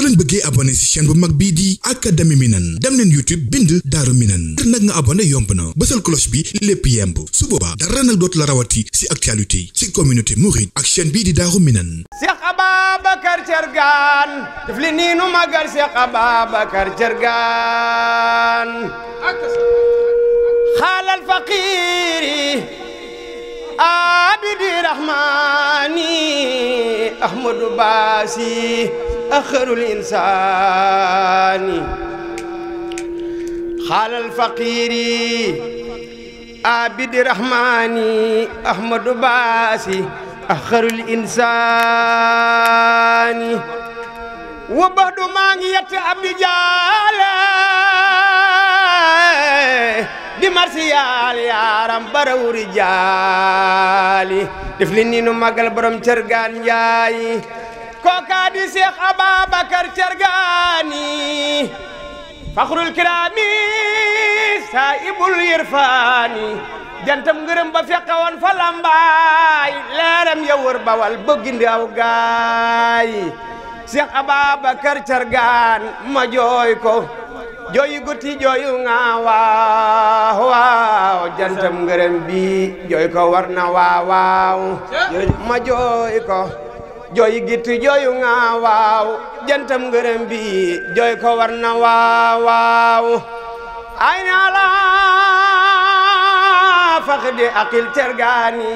soo leen bëggee abonné ci chaîne bu mag bii di académie Minane dem leen YouTube bind Daaru Minane ngir nag nga abonné yomb na bësal cloche bi lépp yemb su boobaa dara nag dootu la rawati ci actualité ci communauté mouride ak chaîne bii di Daaru Minane Cheikh Ababacar Thiergane daf li nii nu magal Cheikh Ababacar Thiergane xaalal faqiiri abidi rahmani ahmadu baasi axarul insaani xaalal faqiiri abidi rahmani ahmadu baasi axarul insaani wa badu maa ngi yett abdi jaala di marsiyaal yaaram barawu rijaali def li nii magal borom cërgaan njaay kookaa di seex ababakar cërgaani faxrul kiraami saahibul irfaani jantam ngërëm ba feqewoon fa lambaay leeram ya wër bawal bëggi ndaw gaay seex ababakar cërgaan ma jooy ko jooyu gutti jooyu nga waaw jantam ngërëm bi jooy ko war na waaw ma jooy ko jooyu gitti jooyu nga waaw jantam ngërëm jooy ko war na waaw waaw ay naa la faxdi aqil cergaani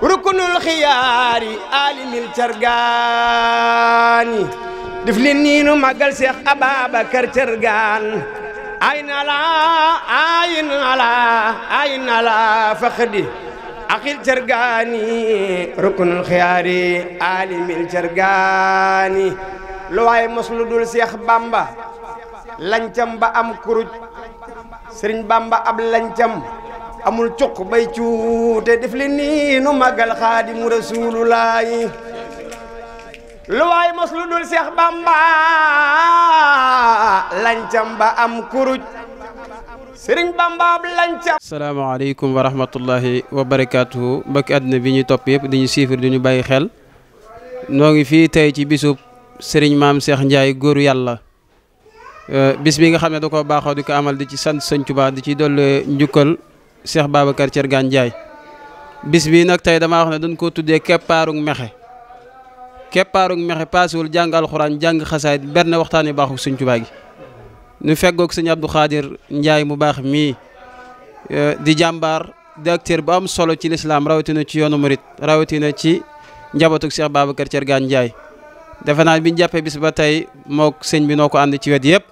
rukunul xiyaari alimil cergaani def leen nii nu màggal Seex Ababacar Thiergane ay na la ay na la ay na la faxdi axil Thiergane rukunul xiyaari alimil Thiergane lu waaye mos lu dul Seex Bamba lancam ba am kuruj Sëriñ Bamba ab lancam amul cuq bay cuute def leen nii nu màggal lu waay mos lu dul Seex Bamba lancam ba am kuruj Sëriñ Bamba ab lancam. salaamaaleykum wa rahmatullahi wa barakaatuhu mbokki àddina bi ñuy topp yëpp di ñu siifir di ñu bàyyi xel noo ngi fii tey ci bisub sëriñ maam seex Ndiaye góor yàlla bis bi nga xam ne da koo baaxoo di ko amal di ci sant Sëñ Tuubaa di ci dolli njukkal Cheikh Babacar Thiergane Ndiaye bis bi nag tey dama wax ne dañ koo tuddee keppaarug mexe. képp keppaarug mexe paasiwul jàng alxuraan jàng xasaayit benn waxtaane baaxul suñ Tuubaa gi ñu feggoog sëñ Abdou Khadir Ndiaye mu baax mii e, di jàmbaar di acteur bu am solo ci lislaam rawatina ci yoonu marit rawatina ci njabootug Cheikh Babacar Thiergane Ndiaye defe naa bi jàppee bis ba tey mook sëñ bi noo ko ànd ci wet yëpp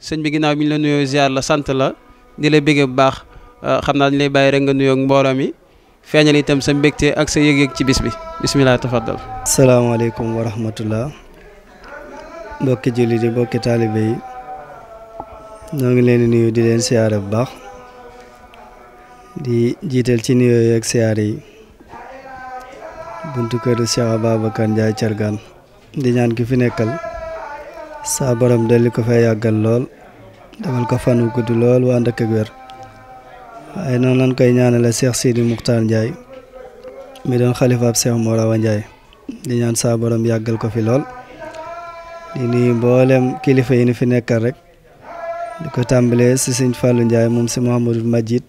sëñ bi ginnaaw bi la nuyoo ziar la sant la di la béggee bu baax e, xam naa dañ lay bàyyi rek nga nuyoo mbooloo mi feeñal itam sa mbégte ak sa yëg-yëg ci bis bi bisimilah tafaddal. salaamaaleykum wa rahmatullah mbokki jullit yi mbokki taalibe yi ñoo ngi leen di nuyu di leen siyaare bu baax di jiital ci nuyoo ak siyaare yi buntu kër Cheikh Ababacar Ndiaye Thiergane di ñaan ki fi nekkal saa borom di ko fay yàggal lool defal ko fanu gudd lool waa ndëkk ak waaye noonu lañ koy ñaanale Cheikh Sidi Muxtaar Ndiaye mi doon xalifaab Cheikh Mor Awa Ndiaye di ñaan saa borom yàggal ko fi lool di nuyu mboolem kilifa yi ni fi nekkal rek di ko tàmbalee si sëñ Fallou Ndiaye moom si Mouhamadou Majid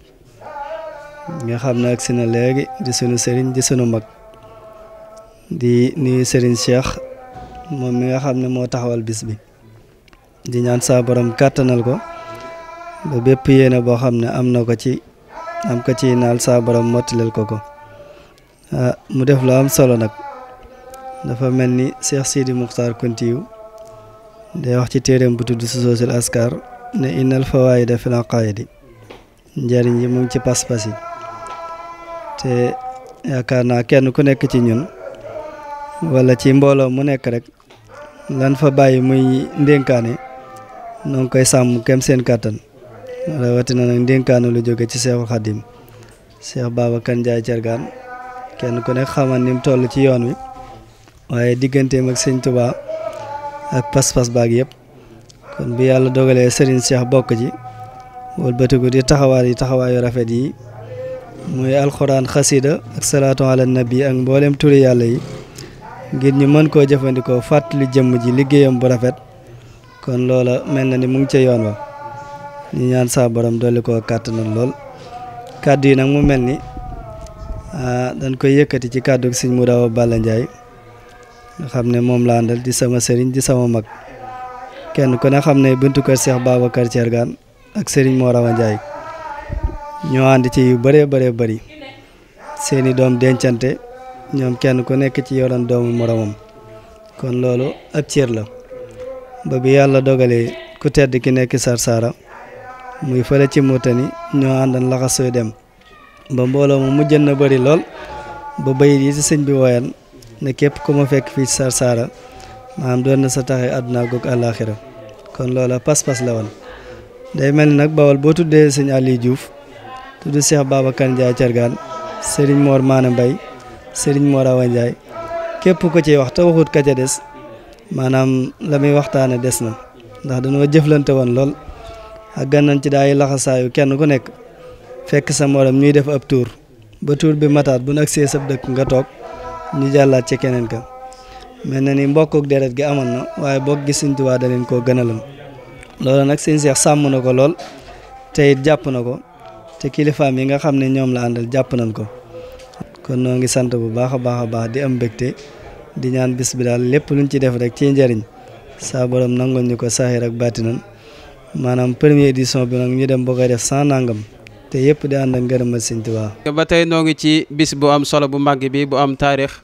nga xam ne ak si na léegi di sunu sëriñ di sunu mag di ni sëriñ Cheikh moom mi nga xam ne moo taxawal bis bi di ñaan saa kàttanal ko ba bépp yéene boo xam ne am na ko ci am ko ci naal saa borom mottileel ko ko ah, mu def lu am solo nag dafa mel ni Cheikh Sidi Muxtaar Kuntiyu day wax ci téeréem bu tudd Susoosul Askar ne innal fawaayida fil aqaayidi njëriñ yi mu ngi ci pas-pas yi te yaakaar naa kenn ku nekk ci ñun wala ci mbooloo mu nekk rek lan fa bàyyi muy ndénkaane noo ngi koy sàmm kem seen kàttan watina nag ndénkaanu lu jóge ci Seexul Xadim Seex Babacar Ndiaye Thiergane kenn ku nekk xamal ni mu toll ci yoon wi waaye digganteem ak sëñ Tuubaa ak pas-pas baag yëpp kon bi yàlla dogalee Serigne Cheikh bokk ji wëlbatiku di taxawaay yi taxawaayu rafet yi muy alxuraan xasida ak salaatu ala nabi ak mboolem turi yàlla yi ngir ñi mën koo jëfandikoo fàttali jëmm ji liggéeyam bu rafet kon loola mel na ni mu ngi ca yoon wa ñu ñaan saa borom doole ko kàttanal lool kàddu yi nag mu mel ni ah, dañ koy yëkkati ci kàddu gi sëñ mu daaw Balla Ndiaye nga xam ne moom laa àndal di sama sëriñ di sama mag kenn ku ne xam ne buntu kër Cheikh Babacar Thiergane ak sëriñ moo rawa Ndiaye ñoo ànd ci yu bëree bëree bëri seeni doom dencante ñoom kenn ku nekk ci yoroon doomu moromam kon loolu ab cër la ba bi yàlla dogalee ku tedd ki nekk Sarsara muy fële ci Mauritanie ñoo àndan laxasooy dem ba mbooloo mu mujjën na bëri lool ba bayit yi ci sëñ bi woyan ne képp ku ma fekk fii Sarsara maanaam doon na sa taxe àdduna goog àllaaxira kon loola pas-pas la woon day mel ni nag bawal boo tuddee sëñ Aliou Diouf tudd Cheikh Babacar Ndiaye Thiergane sëriñ Mor Maana Mbaye sëriñ Mor Awa Ndiaye képp ko ci wax te waxut ka des maanaam la muy waxtaane des na ndax dañoo jëflante woon lool àggan nañ ci daay laxasaayu kenn ku nekk fekk sa morom ñuy def ab tuur ba tuur bi mataat bu nag nagsee sab dëkk nga toog ñu jàllaat ci keneen ka mel na ni mbokkuk deret gi amoon na waaye bokk gi Sëñ Tuubaa da leen koo gënaloon loolu nag Sëñ Seex sàmm na ko lool te it jàpp na ko te kilifaam yi nga xam ne ñoom la àndal jàpp nañ ko kon noo ngi sant bu baax a baax a baax di am mbégte di ñaan bis bi daal lépp luñ ci def rek ci njëriñ saa borom nangul ñu ko saahir ak baatinan maanaam première édition bi nag ñu dem ba koy def nangam te yëpp di ànd ak ngërëmal Sëñ Tuubaa ba tey noo ngi ci bis bu am solo bu màgg bi bu am taarix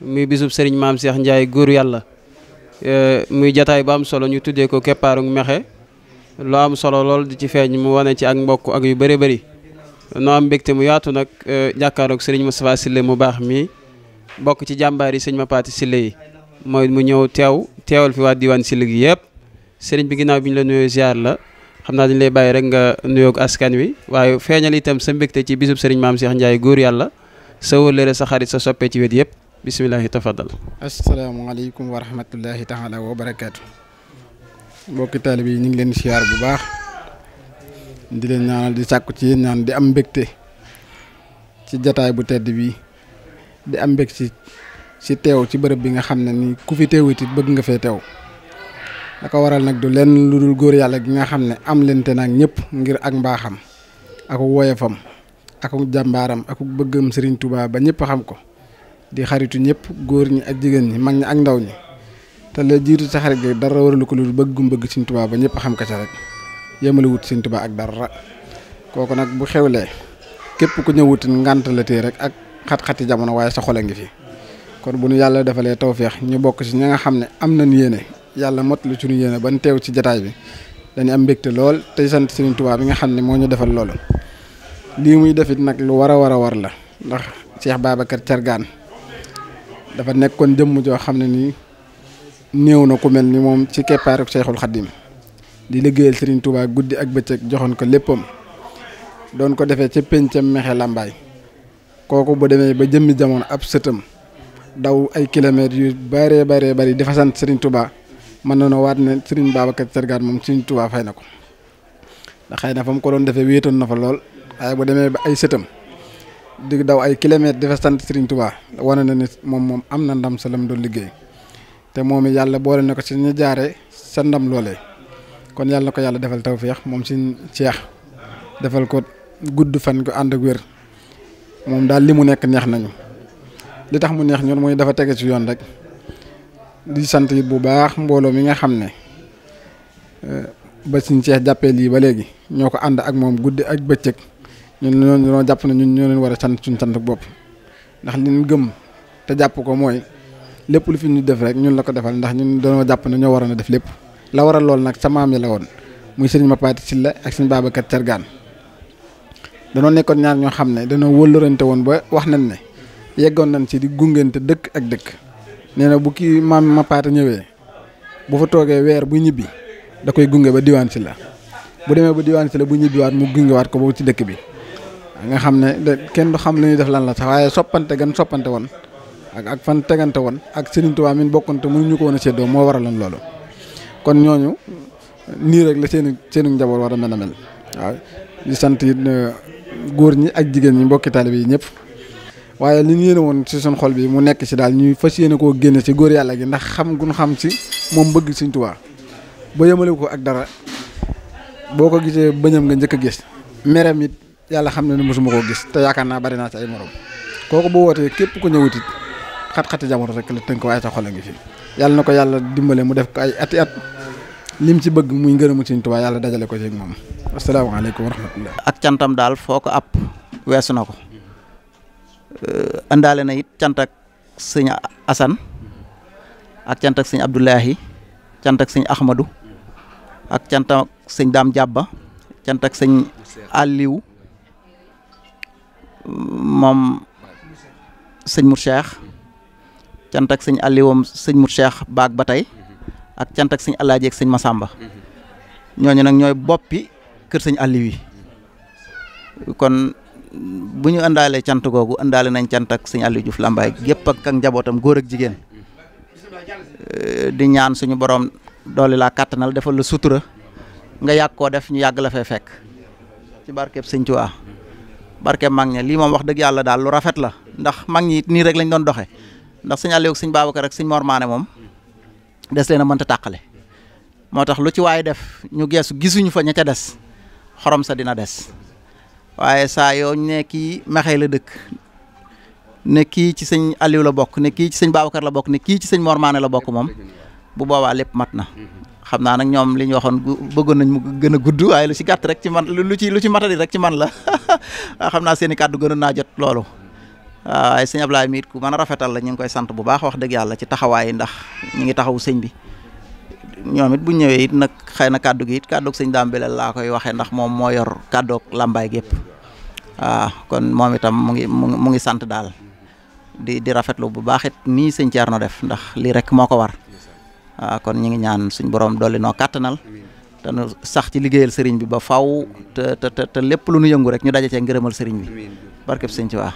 muy bisub Serigne Maam Cheikh Ndiaye góor yàlla muy jataay bu am solo ñu tuddee ko keppaaru mexe loo am solo lool di ci feeñ mu wane ci ak mbokk ak yu bëri bëri noo am mbégte mu yaatu nag jàkkaaroog mu Moustapha sile mu baax mii mbokk ci jàmbaar yi sëñ ma paati Sille yi mooy mu ñëw teew teewal fi waa diwaan Sille gi yëpp. sëriñ bi ginnaaw bi ñu la nuyoo ziar la xam naa dañu lay bàyyi rek nga nuyoog askan wi waaye feeñal itam sa mbégte ci bisub sëriñ maam Cheikh Ndiaye góor yàlla sa wëllëre sa xarit sa soppe ci wet yëpp bisimilahi tafadal asalaamaaleykum wa rahmatullahi taala wa barakaatu mbokki taalibe yi ñu ngi leen ziar bu baax di leen ñaanal di sàkku ci yéen ñaan di am mbégte ci jataay bu tedd bi di am mbég ci ci teew ci bërëb bi nga xam ne ni ku fi bëgg nga fee teew da waral nag du lenn lu dul góor yàlla gi nga xam ne am lente nag ñëpp ngir ak mbaaxam ak woyefam ak jàmbaaram ak bëggam Serigne Touba ba ñëpp xam ko di xaritu ñëpp góor ñi ak jigéen ñi mag ñi ak ndaw ñi te la jiitu sa xarit gi dara waralu ko lu bëgg Serigne Touba ba ñëpp xam ko ca rek yemale wut Serigne Touba ak dara kooku nag bu xewlee képp ku ñëwutin ngànt la tee rek ak xat-xati jamono waaye sa xol a ngi fi kon bu nu yàlla defalee tawféex ñu bokk ci ñi nga xam ne am nañ yéene yàlla mottali suñu yéene ban teew ci jataay bi dañu am mbégte lool tey sant Serigne tubaa bi nga xam ne moo ñu defal loolu lii muy defit nag lu war a war a war la ndax Cheikh Babacar gaan dafa nekkoon jëmm joo xam ne nii néew na ku mel ni moom ci keppaaru Cheikhul Khadim di liggéeyal Serigne Touba guddi ak bëccëg joxoon ko léppam doon ko defee ca pencam mexe làmbaay kooku bu demee ba jëmmi jamono ab sëtam daw ay kilomètres yu bëree bëree bëri di fa sant Serigne tubaa mën na noo waat ne Serigne Babacar Sergat moom Serigne tubaa fay na ko ndax xëy na fa mu ko doon defee wéetoon na fa lool waaye bu demee ba ay sëtam di daw ay kilomètres di fa sant Serigne tubaa wane na ne moom moom am na ndam sa lam doon liggéey te moom yàlla boole na ko si ñu jaaree sa ndam loolee kon yàlla ko yàlla defal tawféex moom Serigne Cheikh defal ko gudd fan ko ànd ak wér moom daal li mu nekk neex nañu li tax mu neex ñun mooy dafa tege si yoon rek. di sant it bu baax mbooloo mi nga xam ne ba siñ Cheikh jàppee lii ba léegi ñoo ko ànd ak moom guddi ak bëccëg ñun ñoo jàpp ne ñun ñoo leen war a sant suñ sant bopp ndax li ñu gëm te jàpp ko mooy lépp lu fi ñu def rek ñun la ko defal ndax ñun dañoo jàpp ne ñoo waroon a def lépp la waral lool nag sa maam yi la woon muy sëriñ Mapaati Silla ak sëriñ Babacar Cargaan danoo nekkoon ñaar ñoo xam ne danoo wëllërante woon ba wax nañ ne yeggoon nañ ci di gungente dëkk ak dëkk. nee na bu kii maam ma paata ñëwee bu fa toogee weer bu ñibbi da koy gunge ba diwaan si la bu demee ba diwaan si la bu ñibbiwaat mu gungewaat ko ba ci dëkk bi nga xam ne de kenn du xam li def lan la sax waaye soppante gan soppante woon ak ak fan tegante woon ak Serigne Touba mi bokkante mu ñu ko woon a séddoo moo waraloon loolu kon ñooñu nii rek la seen seenu njaboot war a mel a mel waaw di sant uh, góor ñi ak jigéen ñi mbokki taalibe yi ñëpp. waaye li ñu yéene woon ci suñ xol bi mu nekk ci daal ñuy fas yéene koo génne ci góor yàlla gi ndax xam gun xam ci moom bëgg Sëñ Tuubaa ba yemale ko ak dara boo ko gisee bëñam nga njëkk a gis merem it yàlla xam ne ne mosuma koo gis te yaakaar naa bari naa ci ay morom kooku bu wootee képp ku ñëwutit xat-xati jamono rek la tënk waaye sa xol a ngi fi yàlla na ko yàlla dimbale mu def ko ay ati at lim ci bëgg muy mu Sëñ Tuubaa yàlla dajale ko ci moom asalaamaaleykum wa rahmatullah daal foo ko na ko àndaale euh, na it cant ak sëñ ak cant ak sëñ Abdoulahi cant ak sëñ Ahmadou ak cant ak sëñ Dame Diabba cant ak sëñ Aliou moom sëñ Mour Cheikh cant ak sëñ Aliou sëñ Mour Cheikh baag ba tey ak cant ak sëñ Alaaji sëñ Masamba ñooñu nag ñooy boppi kër sëñ Aliou kon. bu ñu àndaalee cant googu àndaale nañ cant ak sëñ Aliou Diouf Lambaye gépp ak njabootam góor ak jigéen euh, di ñaan suñu borom doole laa kàttanal defal la sutura nga yàgg koo def ñu yàgg la fay fekk ci barkeb sëñ Tuubaa barkeb mag ña lii moom wax dëgg yàlla daal lu rafet la ndax mag ñi nii rek lañ doon doxee ndax sëñ Aliou ak ko Babacar ak sëñ Mor Maane moom des leen a mënta tàqale moo tax lu ci waaye def ñu geesu gisuñu fa ña ca des xorom sa dina des waaye saa yoo ñu ne kii maxee la dëkk ne kii ci sëñ Aliou la bokk ne kii ci sëñ Babacar la bokk ne kii ci sëñ Mormaane la bokk moom bu boobaa lépp mat na. xam naa nag ñoom li ñu waxoon bëggoon nañ mu gën a gudd waaye lu ci gàtt rek ci man lu ci lu ci matadi rek ci man la xam naa seen i kàddu gënoon naa jot loolu. waaye sëñ Ablaye mi ku mën a rafetal la ñu ngi koy sant bu baax wax dëgg yàlla ci taxawaay ndax ñu ngi taxawu sëñ bi. ñoom it bu ñëwee it nag xëy na kàddu gi it kàddu sëñ daam bi laa koy waxee ndax moom moo yor kàddoog làmbaay gépp waaw ah, kon moom itam mu ngi mu ngi sant daal di di rafetlu bu baax it nii sëñ Thierno def ndax lii rek moo ko war waaw ah, kon ñu ngi ñaan suñ borom dolli noo kàttanal te nu sax ci liggéeyal sëriñ bi ba faw te te te lépp lu nu yëngu rek ñu daje cee ngërëmal sëriñ bi barkeb sëñ ci waa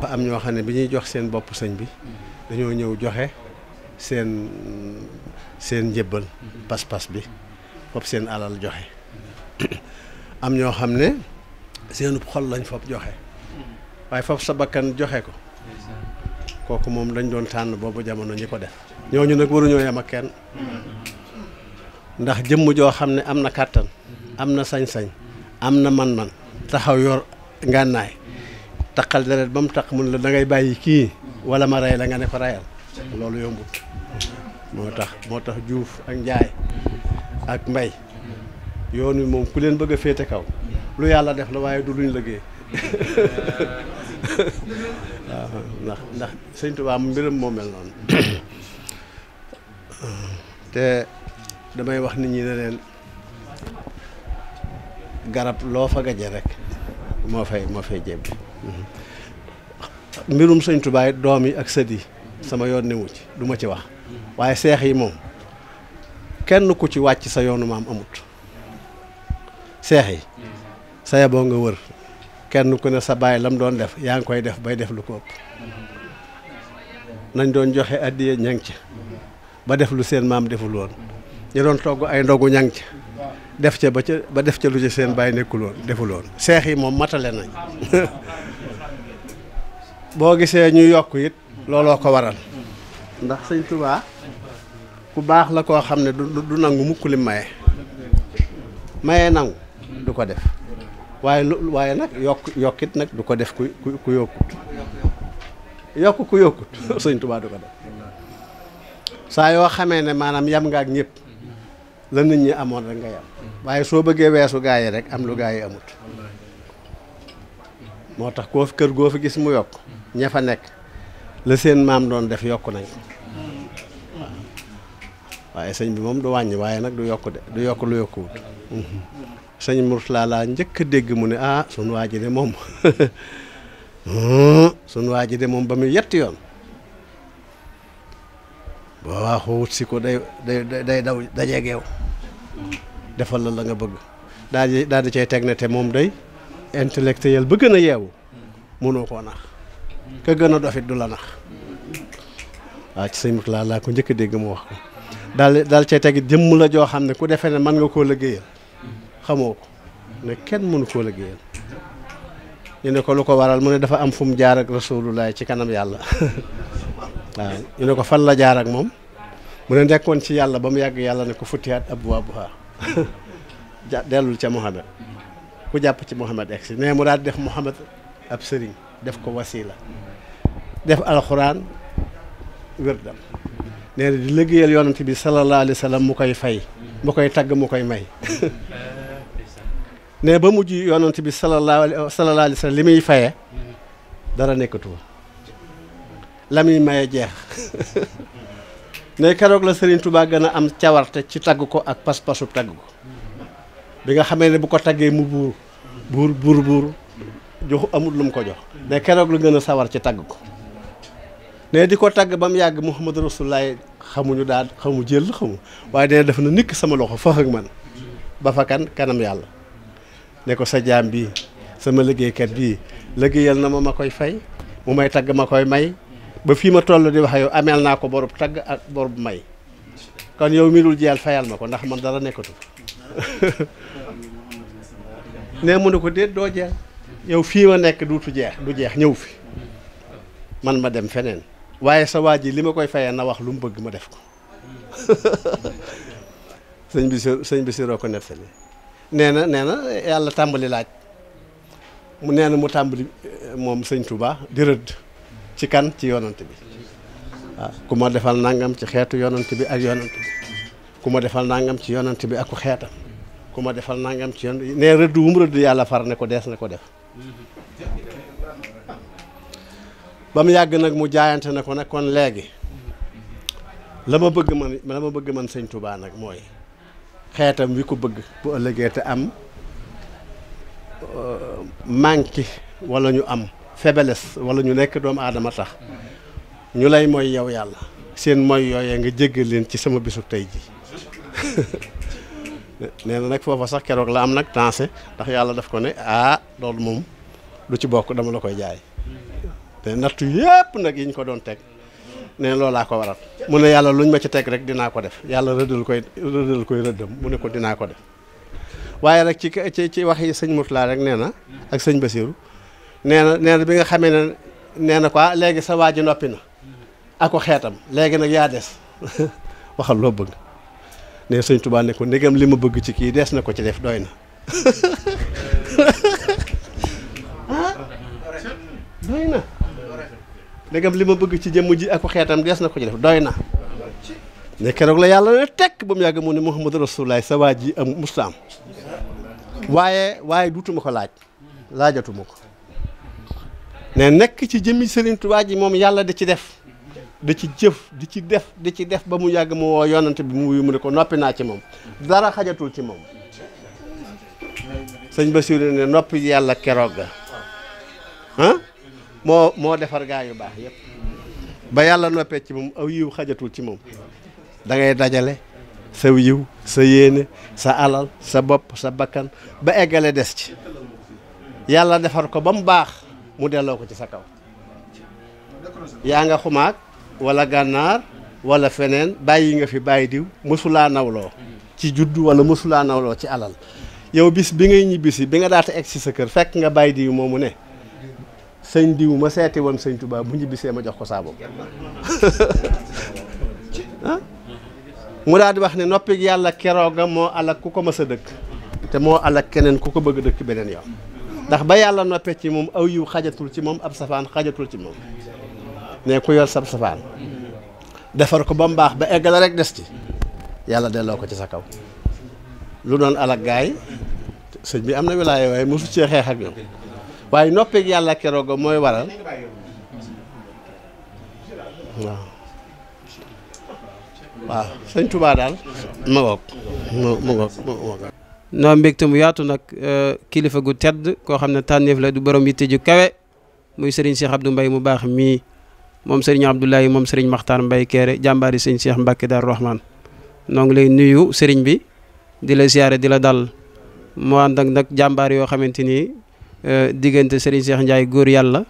ba am ñoo xam ne bi ñuy jox seen bopp sëñ bi dañoo ñëw joxe seen njëbbal pas-pas bi foofu seen alal joxe am ñoo xam ne seen xol lañ foofu joxe waaye foofu sa bakkan joxe ko kooku moom dañ doon tànn boobu jamono ñi ko def ñooñu nag waruñoo yem ak kenn ndax jëmm joo xam ne am na kàttan am na sañ-sañ am na man-man taxaw yor ngànnaay taqal deret ba mu taq mun la dangay bàyyi kii wala ma rey la nga ne ko reyal loolu yombut moo tax moo tax juuf ak Ndiaye ak mbay yoon wi moom ku leen bëgg a féete kaw lu yàlla def la waaye du luñ liggéey waaw ndax ndax sëñ Tuubaa moo mel noonu te damay wax nit ñi ne leen garab loo fa gaje rek moo fay moo fay jébbi mbirum sëñ doom yi ak sët sama yoon newu ci du ma ci wax waaye seex yi moom kenn ku ci wàcc sa yoonu maam amut seex yi saya boo nga wër kenn ku ne sa baay lam doon def yaa ngi koy def bay def lu ko ëpp nañ doon joxe addiye ñang ca ba def lu seen maam deful woon ñu doon togg ay ndogu ñang ca def ca ba ca ba def ca lu ca seen baay nekkul woon deful loon seex yi moom matale nañ boo gisee ñu yokk it looloo ko waral ndax sëñ Tuubaa ku baax la koo xam ne du nangu mukk li maye maye nangu du ko def waaye lu waaye nag yokk yokkit nag du ko def ku ku ku yokkut yokk ku yokkut sëñ Tuubaa du ko def saa yoo xamee ne maanaam yam nga ak ñëpp la nit ñi amoon rek nga yam waaye soo bëggee weesu gaa yi rek am lu gaa yi amut moo tax koo fi kër goo fi gis mu yokk ña fa nekk la seen maam doon def yokk nañ waaye sëñ bi moom du wàññi waaye nag du yokk de du yokk lu yokkuwut sëñ Mourtala laa njëkk a dégg mu ne ah sunu waa ji de moom hmm, sunu waa ji de moom ba muy yetti yoon boo waaxoo wut si ko day day daw dajeeg yow defal la la nga bëgg daal di daal di cay teg te moom day intellectuel ba gën a yeewu mënoo koo nax ka gën a dofit du la nax waaw ci sëñ Murtala laa ko njëkk dégg mu wax ko daal dal cay tegi jëmm la joo xam ne ku defee ne mën nga koo liggéeyal xamoo ko ne kenn mënu koo liggéeyal ñu ne ko lu ko waral mu ne dafa am fu mu jaar ak rasulullah ci kanam yàlla waaw ñu ne ko fan la jaar ak moom mu ne nekkoon ci yàlla ba mu yàgg yàlla ne ko futtihaat abwaabuhaa ja dellul ca Muhammad ku jàpp ci Muhammad egsi ne mu daal def Muhammad ab sëriñ def ko wasiila def alxuraan wirdam nee di liggéeyal yonent bi sallallahu alayhi wa sallam mu koy fay mu koy tagg mu koy may ne ba mujj yonent bi sallallahu sallallahu alayhi wa sallam li muy faye dara nekkatu la muy maye jeex ne keroog la Serigne Touba na am cawarte ci tagg ko ak pas-pasu tagg ko bi nga xamee ne bu ko taggee mu buur buur buur buur joxu amul lu mu ko jox ne keroog lu gën a sawar ci tagg ko ne di ko tagg ba mu yàgg Muhammadu Rasulullaay xamuñu daal xamu jël xamu waaye dina def na nikk sama loxo fax man ba fa kan kanam yàlla ne ko sa jaam bii sama liggéeykat bii liggéeyal na ma ma koy fay mu may tagg ma koy may ba fii ma toll di wax yow ameel naa ko borub tagg ak borub may kon yow mi dul jeyal fayal ma ko ndax man dara nekkatu nee mu ko déet doo jeel yow fii ma nekk du duutu jeex du jeex ñëw fi man ma dem feneen waaye sa waa ji li ma koy fayee na wax lu mu bëgg ma def ko sëñ bi si sëñ bi si roo ko nettali nee na nee na yàlla tàmbali laaj mu nee na mu tàmbali eh, moom sëñ Touba di rëdd ci kan ci yoonant bi waaw ah, ku ma defal nangam ci xeetu yonant bi ak yonant bi ku ma defal nangam ci yonant bi ak ku xeetam ku ma defal nangam ci yonant nee rëdd wu rëdd yàlla far ne ko dees na ko def ba mu yàgg nag mu jaayante na ko nag kon léegi la ma bëgg man la ma bëgg man sëñ Touba nag mooy xeetam wi ko bëgg bu ëllëgee te am euh, manqué wala ñu am faiblesse wala ñu nekk doomu aadama tax ñu lay moy yow yàlla seen mooy yooyee nga jéggal leen ci sama bisu tey ji nee na nag foofa sax keroog la am nag tansé ndax yàlla def ko ne aa ah, loolu moom lu ci bokk dama la koy jaay te nattu yépp nag yi ñu ko doon teg ne loolaa ko waral mu na yàlla luñ ma ci teg rek dinaa ko def yàlla rëddal koy rëddal mu ne ko dinaa ko def waaye rek ci ci ci wax sëñ Mourtala rek nee na ak sëñ Basiru nee na nee na bi nga xamee ne nee na quoi ah, léegi sa waa ji noppi na ako xeetam léegi nag yaa des waxal loo bëgg nee sëñ Tuubaa ne ko ndegam li ma bëgg ci kii dees na ko ci def doy na doy na ndegam li ma bëgg ci jëmm ji ak xeetam dees na ko ci def doy na ne keroog la yàlla ne ba mu yàgg mu ne Muhammadu Rasulullaah sa waa ji am musta waaye waaye duutuma laaj laajatuma ko ne nekk ci jëmmi Sëriñ ji moom yàlla da ci def da ci jëf di ci def di ci def ba mu yàgg mu woo yonante bi mu wuyu mu ne ko noppi naa ci moom dara xajatul ci moom sëñ Basiru ne noppi yàlla keroog ga moo moo defar gaa yu baax yëpp ba yàlla noppee ci moom aw yiw xajatul ci moom da ngay dajale sa yiw sa yéene sa alal sa bopp sa bakkan ba eggale des ci yàlla defar ko ba mu baax mu delloo ko ci sa kaw yaa nga xumaag wala gànnaar wala feneen bàyyi nga fi bàyyi diw mosulaa nawloo ci judd wala mosulaa nawloo ci alal yow bis bi ngay ñibbisi bi nga daata egg si sa kër fekk nga bàyyi diw moomu ne sëñ diw ma seeti woon sëñ tubaab bu ñibbisee ma jox ko saabam ah? mu daal di wax ne noppi yàlla kerooga moo alak ku ko mës a dëkk te moo alak keneen ku ko bëgg dëkk beneen yoon ndax ba yàlla noppee ci moom aw yiw xajatul ci moom ab safaan xajatul ci moom ne ku yor sab safaan defar ko ba mu baax ba eggale rek des ci yàlla delloo ko ci sa kaw lu doon alak gaay sëñ bi am na wilaaya waaye mosu cee xeex ak ñoom waaye noppeeg yàlla keroog mooy waral waaw waaw sëñ daal ma mu yaatu nag e, kilifa gu tedd koo xam ne tànneef la du borom yitte ju muy sëriñ Cheikh Abdou mu baax mii moom sëriñ Abdoulaye moom sëriñ Makhtar Mbaye jàmbaari sëñ Cheikh Mbacke Darou Rahman ngi lay nuyu sëriñ bi di la ziare di la dal mu ànd ak nag jàmbaar yoo xamante Euh, diggante sëriñ seex Ndiaye góor yàlla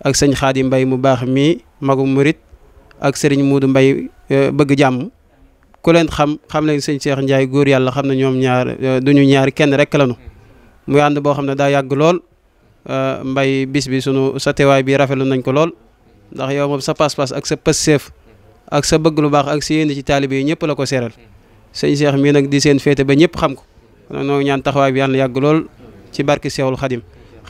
ak sëñ Xaadim Mbay mu baax mii magu murit ak sëriñ Muudu Mbay euh, bëgg jàmm ku leen xam xam leen sëñ Cheikh Ndiaye góor yàlla xam ne ñoom ñaar euh, duñu ñaari kenn rek lanu muy ànd boo xam ne daa yàgg lool mbay bis bi sunu sa teewaay bi rafetlu nañ ko lool ndax yow moom sa pas-pas ak sa pësseef ak sa bëgg lu baax ak si yéen ci taalibe yi ñëpp la ko seeral sëñ seex mii nag di seen féete ba ñëpp xam ko noo ñaan taxawaay bi yàlla yàgg lool ci barke Seexul Xadim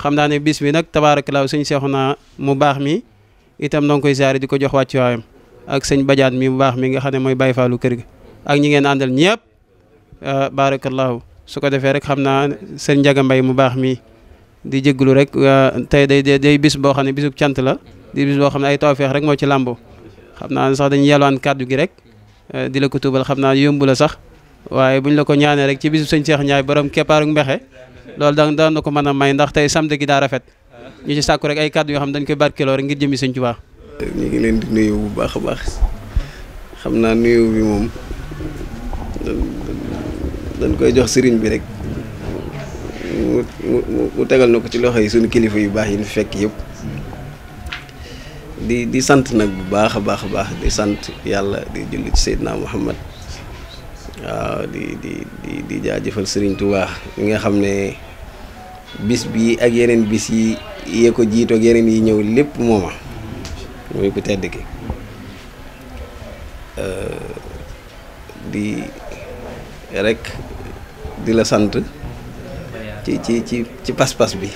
xam naa ne bis bi nag tabaarakallaahu sëñ naa mu baax mi itam noo koy ziare di ko jox wàccu waayam ak sëñ bajaan mi mu baax mi nga xam ne mooy bay faalu kër gi ak ñi ngeen àndal ñëpp euh, baarakallaahu su ko defee rek xam naa sëñ Ndiaga mbay mu baax mi di jégalu rek euh, tey day day bis boo xam ne bisub cant la di bis boo xam ne ay feex rek moo ci làmbo xam naa sax dañuy yalwaan kàddu gi rek euh, di la ko tuubal xam naa yomb la sax waaye buñ la ko ñaanee rek ci bisub sëñ Cheikh Ndiaye borom keppaaru mbexe loolu da daan na ko mën a may ndax tey samedi gi daa rafet ñu ci sàkku rek ay kàddu yoo xam dañ koy barkeeloo rek ngir jëmi sëñ Tuubaa ñu ngi leen di nuyu bu baax a baax xam naa nuyu bi moom dañ koy jox sëriñ bi rek mu mu tegal na ko ci loxo yi suñu kilifa yu baax yi ñu fekk yëpp di di sant nag bu baax a baax a baax di sant yàlla di julli ci Seydina Muhammad waaw di di di di jaajëfal Serigne Touba mi nga xam ne bis bi ak yeneen bis yi yee ko jiitoo ak yeneen yi ñëw lépp mooma muy ku tedd ki di rek di la sant ci ci ci ci pas-pas bi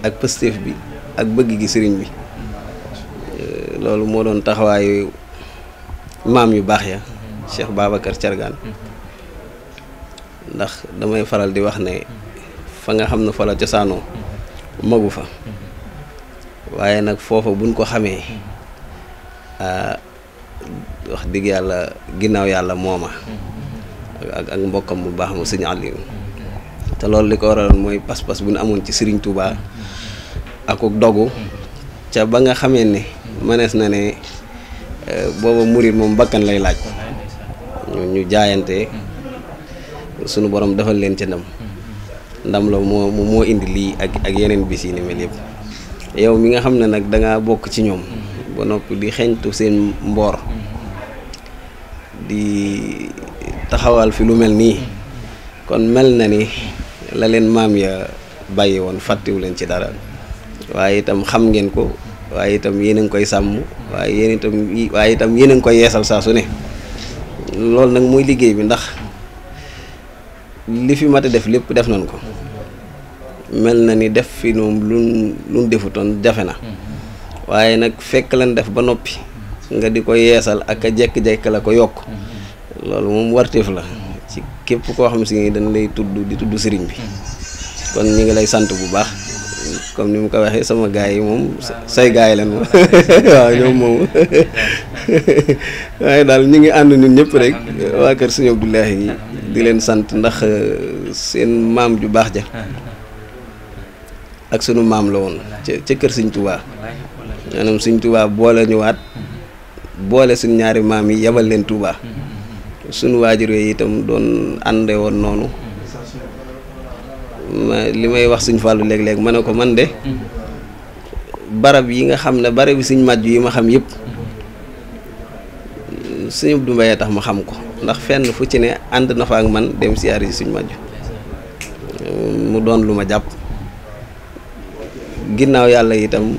ak pësteef bi ak bëgg gi sëriñ bi loolu moo doon taxawaayu maam yu baax ya Cheikh Babacar Thiargane ndax damay faral di wax ne fa nga xam ne fa la cosaanoo magu fa waaye nag foofa buñ ko xamee ah, wax digg yàlla ginnaaw yàlla mooma ak ak mbokkam mu baax mu sëñ Aliou te loolu li ko waraloon mooy pas-pas bu ñu amoon ci Serigne Touba ak dogu ca ba nga xamee ne mënees na ne eh, booba muri moom bakkan lay laaj ñu jaayante sunu borom defal leen ci ndam ndam la moo moo indi lii ak ak yeneen bis yi mel yëpp yow mi nga xam ne nag dangaa bokk ci ñoom ba noppi di xeeñtu seen mboor di taxawal fi lu mel nii kon mel na ni la leen maam ya bàyyi woon fàttewu leen ci dara waaye itam xam ngeen ko waaye itam yéen a koy sàmm waaye yéen itam waaye itam yéen a koy yeesal saa su ne loolu nag mooy liggéey bi ndax li fi mat def lépp def nañ ko mel na ni def fi moom luñ luñ defutoon jafe na waaye nag fekk lan def ba noppi nga di ko yeesal ak a jekk-jekk la ko yokk loolu moom warteef la ci képp koo xam si ni dañ lay tudd di tudd sëriñ bi kon ñu ngi lay sant bu baax comme ni mu ko waxee sama gaay yi moom say gaay yi lan waaw ñoom moom waaye daal ñu ngi ànd ñun ñëpp rek waa kër sëñ Abdoulahi yi di leen sant ndax euh, seen maam ju baax ja ak sunu maam la woon ca ca kër sëñ Tuubaa maanaam sëñ Tuubaa boole ñëwaat boole suñ ñaari maam yi yebal leen Tuubaa sunu waajur we itam doon ànde woon noonu li may wax suñ fàllu léeg-léeg ma ne ko man de barab yi nga xam ne barab bi suñ màjj yi ma xam yëpp sëñ Abdou Mbaye tax ma xam ko ndax fenn fu ci ne ànd na fa ak man dem siyaare ji suñ màjj mu doon lu ma jàpp ginnaaw yàlla itam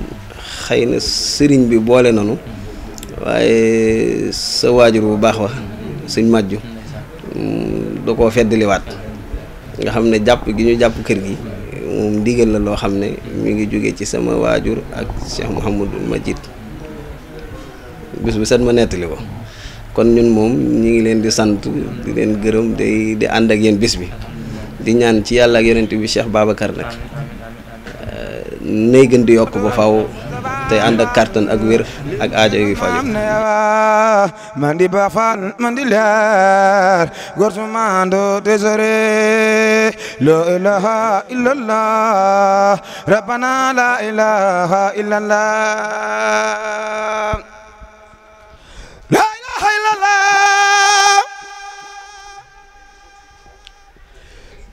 xëy na sëriñ bi boole nanu waaye sa waajur bu baax wax suñ màjj da koo feddliwaat nga xam ne jàpp gi ñu jàpp kër gi moom ndigal la loo xam ne mi ngi jóge ci sama waajur ak Cheikh Mouhamadul Majid bis bu set ma nettali ko kon ñun moom ñu ngi leen di sant di leen gërëm day di ànd ak yéen bis bi di ñaan ci yàlla ak yonent bi Cheikh Babacar nag nay gën di yokk ba faw te ànd ak kàttan ak wér ak aajo yu fajo man di bafal man di leer góor su maando te la ilaha illallah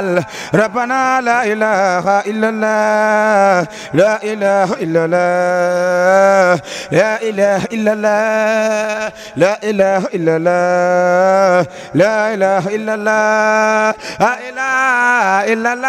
الجلال ربنا لا إله إلا الله لا إله إلا الله لا إله إلا الله لا إله إلا الله لا إله إلا الله لا إله إلا الله